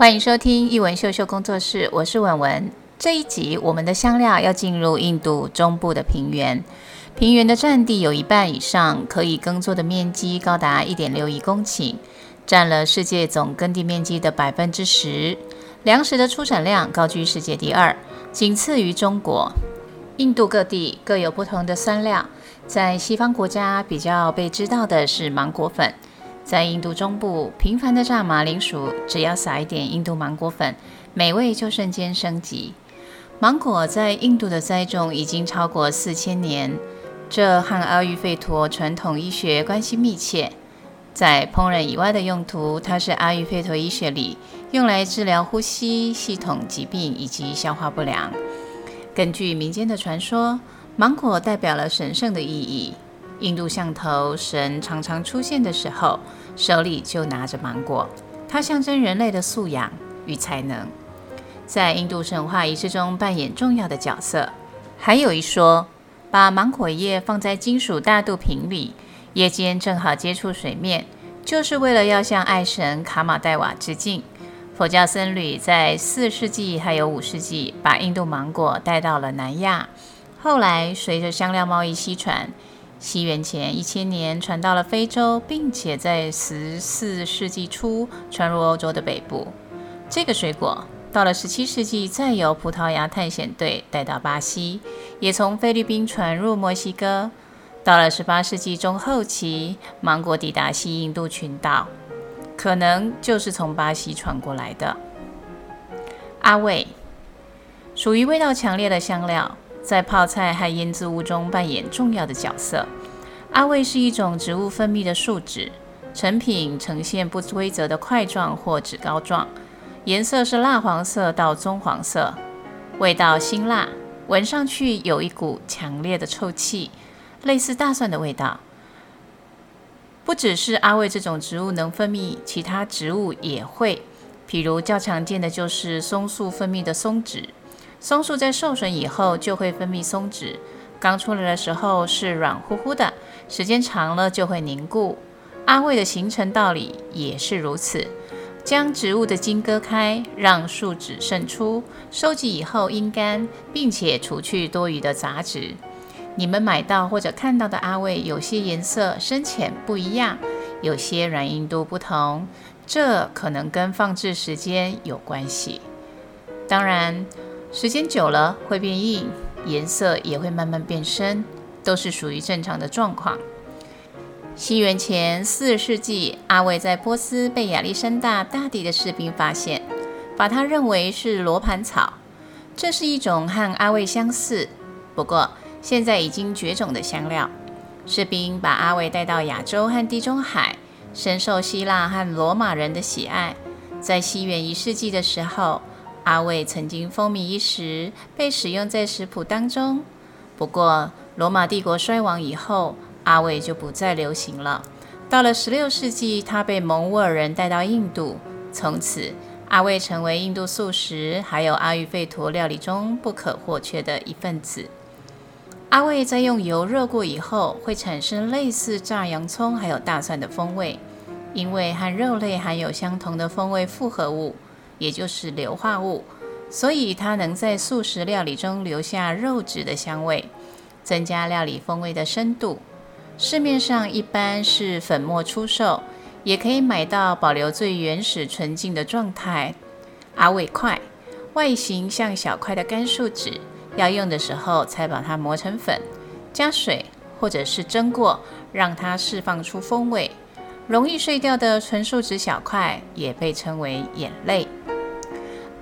歡迎收聽一文秀秀工作室，我是文文。這一集，我們的香料要進入印度中部的平原。平原的占地有一半以上，可以耕作的面積高達一點六億公頃，占了世界總耕地面積的百分之十。糧食的出產量高居世界第二，僅次於中國。印度各地各有不同的香料，在西方國家比較被知道的是芒果粉。在印度中部，平凡的炸馬鈴薯，只要撒一點印度芒果粉，美味就瞬間升級。芒果在印度的栽種已經超過四千年，這和阿育吠陀傳統醫學關係密切。在烹飪以外的用途，它是阿育吠陀醫學裡用來治療呼吸系統疾病以及消化不良。根據民間的傳說，芒果代表了神聖的意義。印度象頭神常常出現的時候，手裡就拿着芒果，它象徵人類的素養與才能，在印度神話儀式中扮演重要的角色。還有一說，把芒果葉放在金屬大肚瓶裡，夜間正好接觸水面，就是為了要向愛神卡瑪戴瓦致敬。佛教僧侶在四世紀還有五世紀，把印度芒果帶到了南亞，後來隨着香料貿易西傳。西元前一千年傳到了非洲，並且在十四世紀初傳入歐洲的北部。這個水果到了十七世紀，再由葡萄牙探險隊帶到巴西，也從菲律賓傳入墨西哥。到了十八世紀中後期，芒果抵達西印度群島，可能就是從巴西傳過來的。阿魏，屬於味道強烈的香料。在泡菜和醃製物中扮演重要的角色。阿魏是一種植物分泌的樹脂，成品呈現不規則的塊狀或脂膏狀，顏色是蠟黃色到棕黃色，味道辛辣，聞上去有一股強烈的臭氣，類似大蒜的味道。不只是阿魏這種植物能分泌，其他植物也會，譬如較常見的就是松樹分泌的松脂。松樹在受損以後就會分泌松脂，剛出來的時候是軟乎乎的，時間長了就會凝固。阿魏的形成道理也是如此，將植物的莖割開，讓樹脂滲出，收集以後陰乾，並且除去多餘的雜質。你們買到或者看到的阿魏，有些顏色深淺不一樣，有些軟硬度不同，這可能跟放置時間有關係。當然。時間久了會變硬，顏色也會慢慢變深，都是屬於正常的狀況。西元前四世紀，阿魏在波斯被亞歷山大大帝的士兵發現，把他認為是羅盤草。這是一種和阿魏相似，不過現在已經絕種的香料。士兵把阿魏帶到亞洲和地中海，深受希臘和羅馬人的喜愛。在西元一世紀的時候。阿魏曾經風靡一時，被使用在食譜當中。不過，羅馬帝國衰亡以後，阿魏就不再流行了。到了十六世紀，他被蒙兀兒人帶到印度，從此阿魏成為印度素食還有阿育吠陀料理中不可或缺的一份子。阿魏在用油熱過以後，會產生類似炸洋蔥還有大蒜的風味，因為和肉類含有相同的風味複合物。也就是硫化物，所以它能在素食料理中留下肉質的香味，增加料理風味的深度。市面上一般是粉末出售，也可以買到保留最原始純淨的狀態。阿魏塊外形像小塊的乾樹脂，要用的時候才把它磨成粉，加水或者是蒸過，讓它釋放出風味。容易碎掉的純樹脂小塊也被稱為眼淚。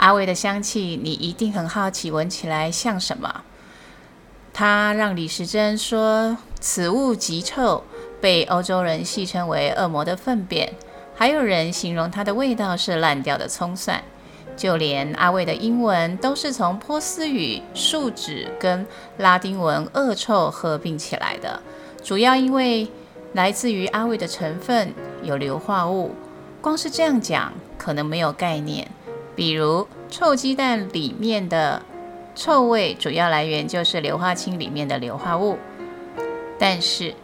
阿魏的香氣，你一定很好奇，聞起來像什麼？他讓李時珍說：“此物極臭”，被歐洲人戲稱為“惡魔的糞便”。還有人形容它的味道是爛掉的蔥蒜。就連阿魏的英文，都是從波斯語“樹脂”跟拉丁文“惡臭”合併起來的。主要因為來自於阿魏的成分有硫化物。光是這樣講，可能沒有概念。比如。臭雞蛋裡面的臭味主要來源就是硫化氫裡面的硫化物，但是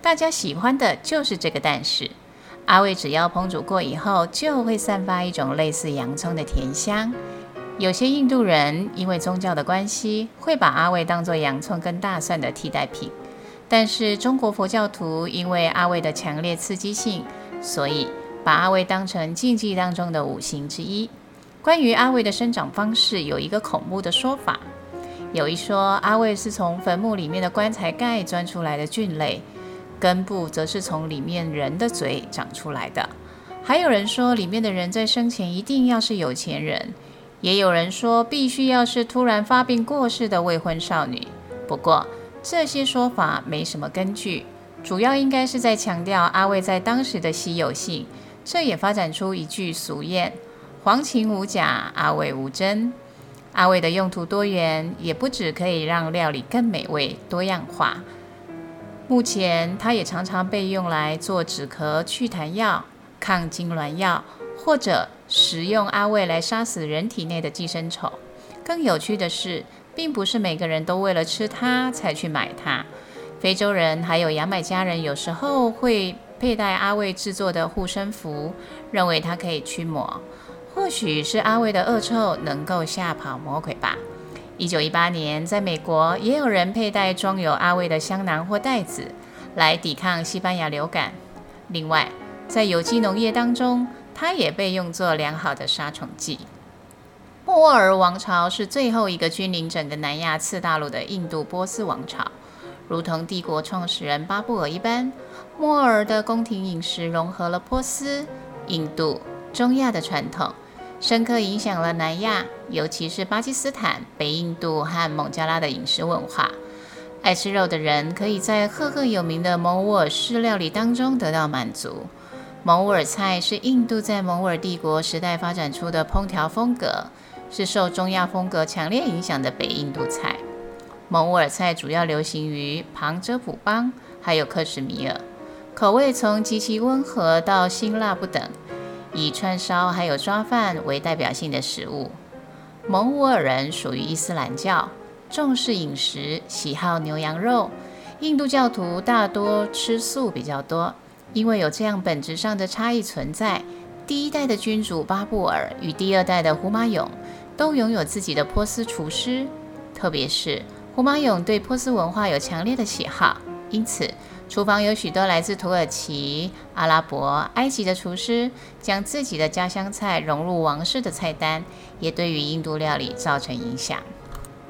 大家喜歡的就是這個但是，阿魏只要烹煮過以後，就會散發一種類似洋蔥的甜香。有些印度人因為宗教的關係，會把阿魏當作洋蔥跟大蒜的替代品，但是中國佛教徒因為阿魏的強烈刺激性，所以把阿魏當成禁忌當中的五行之一。關於阿魏的生長方式，有一個恐怖的說法，有一說阿魏是從墳墓裡面的棺材蓋鑽出來的菌類，根部則是從裡面人的嘴長出來的。還有人說裡面的人在生前一定要是有錢人，也有人說必須要是突然發病過世的未婚少女。不過這些說法沒什麼根據，主要應該是在強調阿魏在當時的稀有性，這也發展出一句俗諺。黃芩無假，阿魏無真。阿魏的用途多元，也不止可以讓料理更美味多樣化。目前，它也常常被用來做止咳祛痰藥、抗痙攣藥，或者食用阿魏來殺死人體內的寄生蟲。更有趣的是，並不是每個人都為了吃它才去買它。非洲人還有牙買加人，有時候會佩戴阿魏制作的護身符，認為它可以驅魔。或許是阿魏的惡臭能夠嚇跑魔鬼吧。一九一八年，在美國也有人佩戴裝有阿魏的香囊或袋子來抵抗西班牙流感。另外，在有機農業當中，它也被用作良好的殺蟲劑。莫臥兒王朝是最後一個君臨整個南亞次大陸的印度波斯王朝。如同帝國創始人巴布爾一般，莫臥兒的宮廷飲食融合了波斯、印度、中亞的傳統。深刻影響了南亞，尤其是巴基斯坦、北印度和孟加拉的飲食文化。愛吃肉的人可以在赫赫有名的蒙兀兒式料理當中得到滿足。蒙兀兒菜是印度在蒙兀兒帝國時代發展出的烹調風格，是受中亞風格強烈影響的北印度菜。蒙兀兒菜主要流行於旁遮普邦，還有克什米爾，口味從極其溫和到辛辣不等。以串燒還有抓飯為代表性的食物，蒙兀兒人屬於伊斯蘭教，重視飲食，喜好牛羊肉；印度教徒大多吃素比較多。因為有這樣本質上的差異存在，第一代的君主巴布爾與第二代的胡馬雍都擁有自己的波斯廚師，特別是胡馬雍對波斯文化有強烈的喜好，因此，廚房有許多來自土耳其、阿拉伯、埃及的廚師，將自己的家鄉菜融入王室的菜單，也對於印度料理造成影響。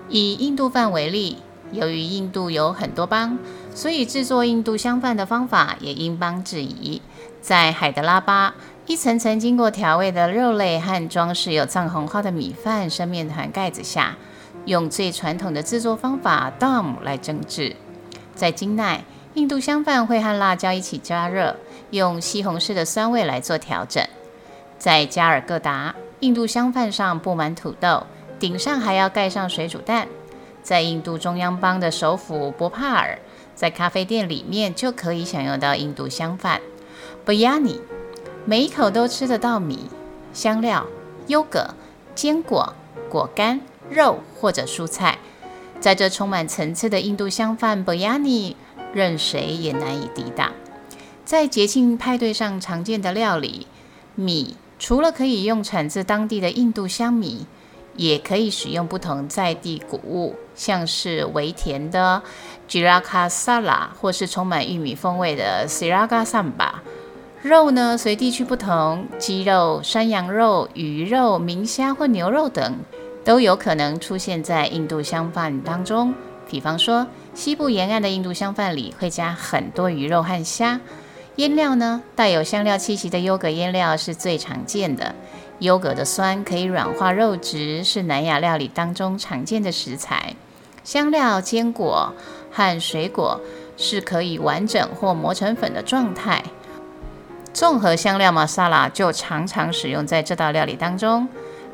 以印度飯為例，由於印度有很多邦，所以制作印度香飯的方法也因邦制宜。在海德拉巴，一層層經過調味的肉類和裝飾有藏紅花的米飯，生面團蓋子下，用最傳統的制作方法 dum 來蒸制。在金奈。印度香飯會和辣椒一起加熱，用西紅柿的酸味來做調整。在加爾各答，印度香飯上布滿土豆，頂上還要蓋上水煮蛋。在印度中央邦的首府博帕爾，在咖啡店裡面就可以享用到印度香飯 （Biryani）。每一口都吃得到米、香料、優格、堅果、果乾、肉或者蔬菜。在這充滿層次的印度香飯 （Biryani）。任誰也難以抵擋，在節慶派對上常見的料理。米，除了可以用產自當地的印度香米，也可以使用不同在地穀物，像是微甜的 Jirakasala 或是充滿玉米風味的 Siragasamba。肉呢，隨地區不同，雞肉、山羊肉、魚肉、明蝦或牛肉等都有可能出現在印度香飯當中，比方說。西部沿岸的印度香飯裡會加很多魚肉和蝦，醃料呢，帶有香料氣息的優格醃料是最常見的。優格的酸可以軟化肉質，是南亞料理當中常見的食材。香料、堅果和水果是可以完整或磨成粉的狀態。綜合香料瑪沙拉就常常使用在這道料理當中，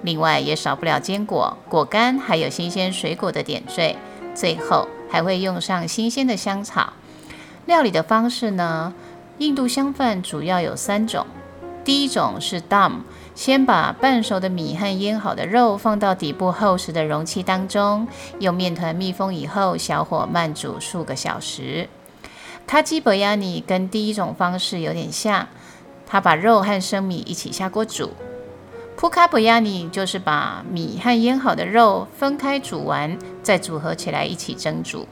另外也少不了堅果、果乾還有新鮮水果的點綴。最後。還會用上新鮮的香草。料理的方式呢？印度香飯主要有三種。第一種是 dum，先把半熟的米和醃好的肉放到底部厚實的容器當中，用麵團密封以後，小火慢煮數個小時。Kacchi Biryani 跟第一種方式有點像，他把肉和生米一起下鍋煮。普卡布亞尼就是把米和醃好的肉分開煮完，再組合起來一起蒸煮。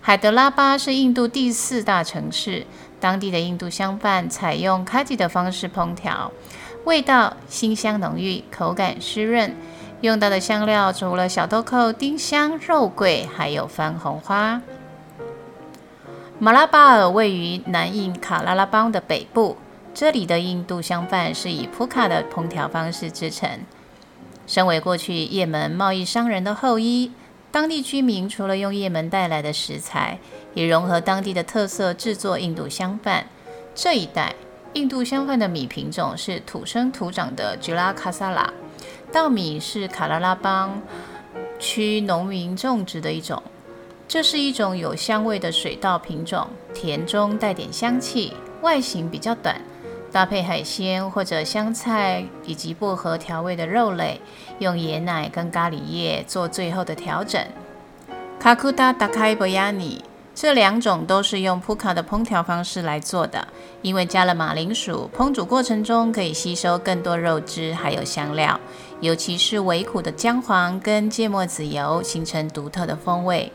海德拉巴是印度第四大城市，當地的印度香飯採用卡喱的方式烹調，味道馨香濃郁，口感濕潤。用到的香料除了小豆蔻、丁香、肉桂，還有番紅花。馬拉巴爾位於南印卡拉拉邦的北部。這裡的印度香飯是以普卡的烹調方式制成。身為過去葉門貿易商人的後裔，當地居民除了用葉門帶來的食材，也融合當地的特色制作印度香飯。這一帶印度香飯的米品種是土生土長的吉拉卡薩拉稻米，是卡拉拉邦區農民種植的一種。這是一種有香味的水稻品種，甜中帶點香氣，外形比較短。搭配海鮮或者香菜以及薄荷調味的肉類，用椰奶跟咖喱葉做最後的調整。Kolkata、Dhakai Biryani，這兩種都是用普卡的烹調方式來做的，因為加了馬鈴薯，烹煮過程中可以吸收更多肉汁，還有香料，尤其是微苦的薑黃跟芥末籽油，形成獨特的風味。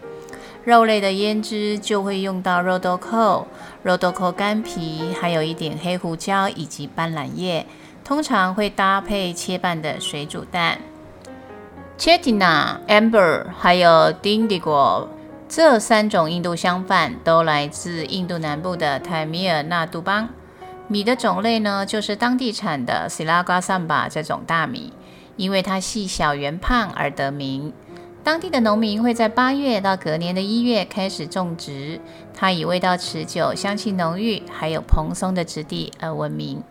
肉類的醃汁就會用到肉豆蔻、肉豆蔻乾皮，還有一點黑胡椒以及斑蘭葉，通常會搭配切半的水煮蛋。Chetina、Amber 還有 Dindigo，這三種印度香飯都來自印度南部的泰米爾納杜邦。米的種類呢，就是當地產的斯拉瓜桑巴這種大米，因為它細小圓胖而得名。當地的農民會在八月到隔年的一月開始種植，它以味道持久、香氣濃郁，還有蓬鬆的質地而聞名。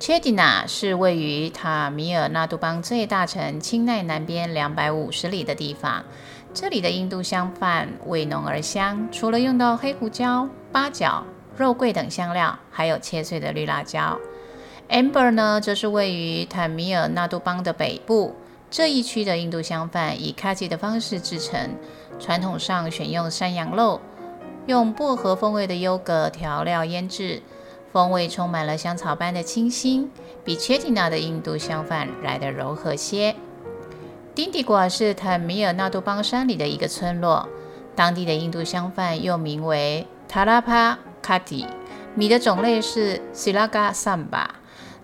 切蒂娜是位於塔米爾納杜邦最大城清奈南邊兩百五十里的地方，這裡的印度香飯味濃而香，除了用到黑胡椒、八角、肉桂等香料，還有切碎的綠辣椒。Amber 呢，則是位於塔米爾納杜邦的北部。這一區的印度香飯以卡吉的方式製成，傳統上選用山羊肉，用薄荷風味的優格調料醃製，風味充滿了香草般的清新，比切蒂娜的印度香飯來得柔和些。丁迪果是坦米爾納杜邦山裡的一個村落，當地的印度香飯又名為塔拉帕卡蒂，米的種類是西拉加桑巴，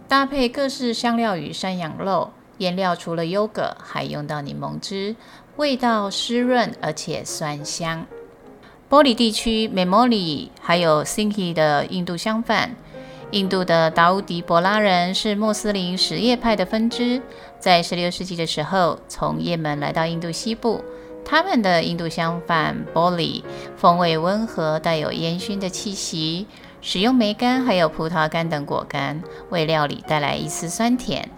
搭配各式香料與山羊肉。醃料除了優格，還用到檸檬汁，味道濕潤而且酸香。波里地區，美摩里，還有 Sinki 的印度香飯。印度的達烏迪柏拉人是穆斯林什葉派的分支，在16世紀的時候從也門來到印度西部。他們的印度香飯，波里，風味溫和，帶有煙燻的氣息，使用梅乾還有葡萄乾等果乾，為料理帶來一絲酸甜。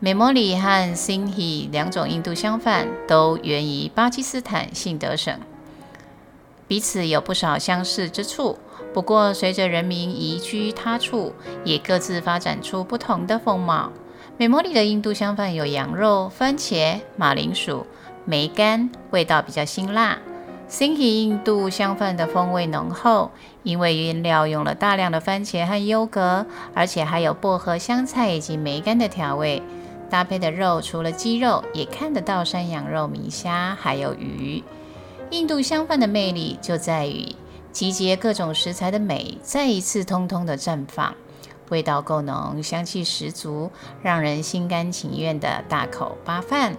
美摩里和辛希兩種印度香飯都源於巴基斯坦信德省，彼此有不少相似之處。不過，隨着人民移居他處，也各自發展出不同的風貌。美摩里的印度香飯有羊肉、番茄、馬鈴薯、梅乾，味道比較辛辣。辛希印度香飯的風味濃厚，因為原料用了大量的番茄和優格，而且還有薄荷、香菜以及梅乾的調味。搭配的肉除了雞肉，也看得到山羊肉、明蝦，還有魚。印度香飯的魅力就在於集結各種食材的美，再一次通通的綻放。味道夠濃，香氣十足，讓人心甘情願的大口扒飯。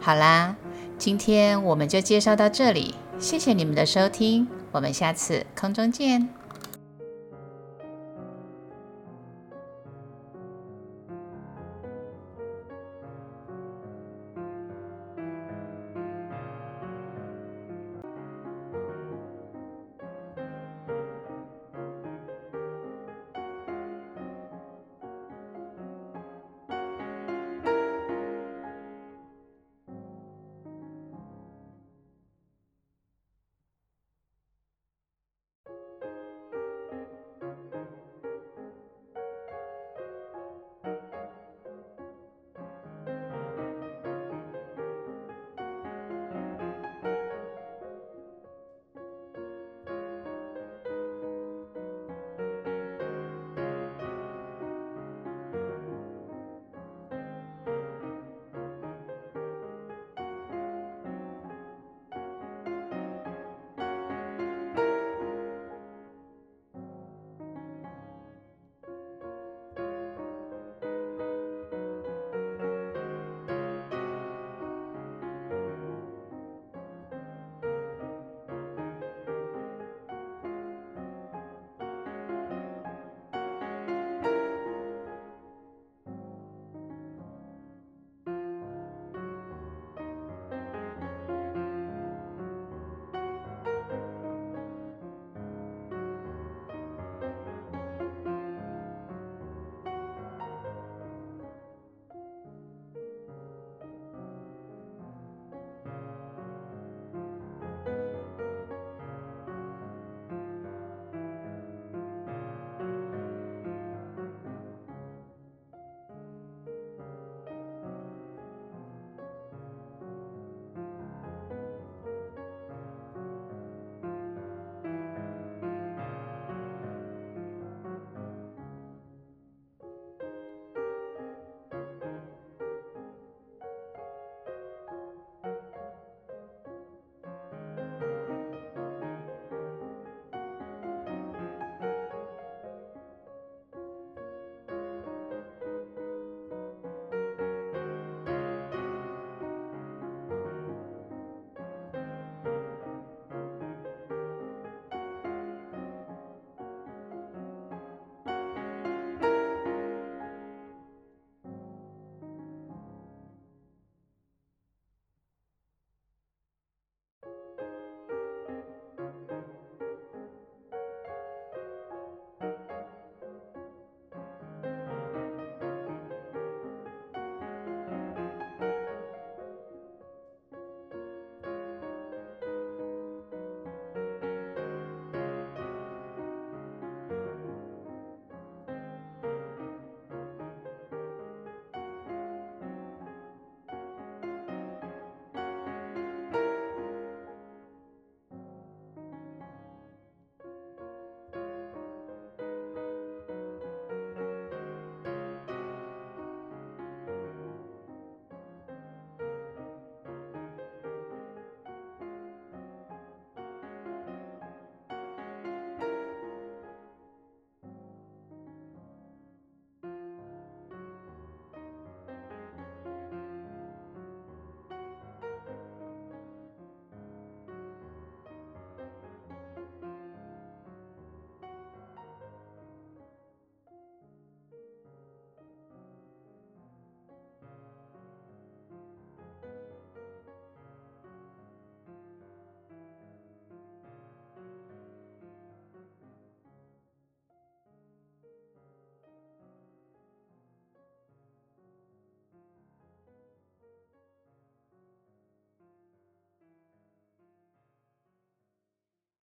好啦，今天我們就介紹到這裡，謝謝你們的收聽，我們下次空中見。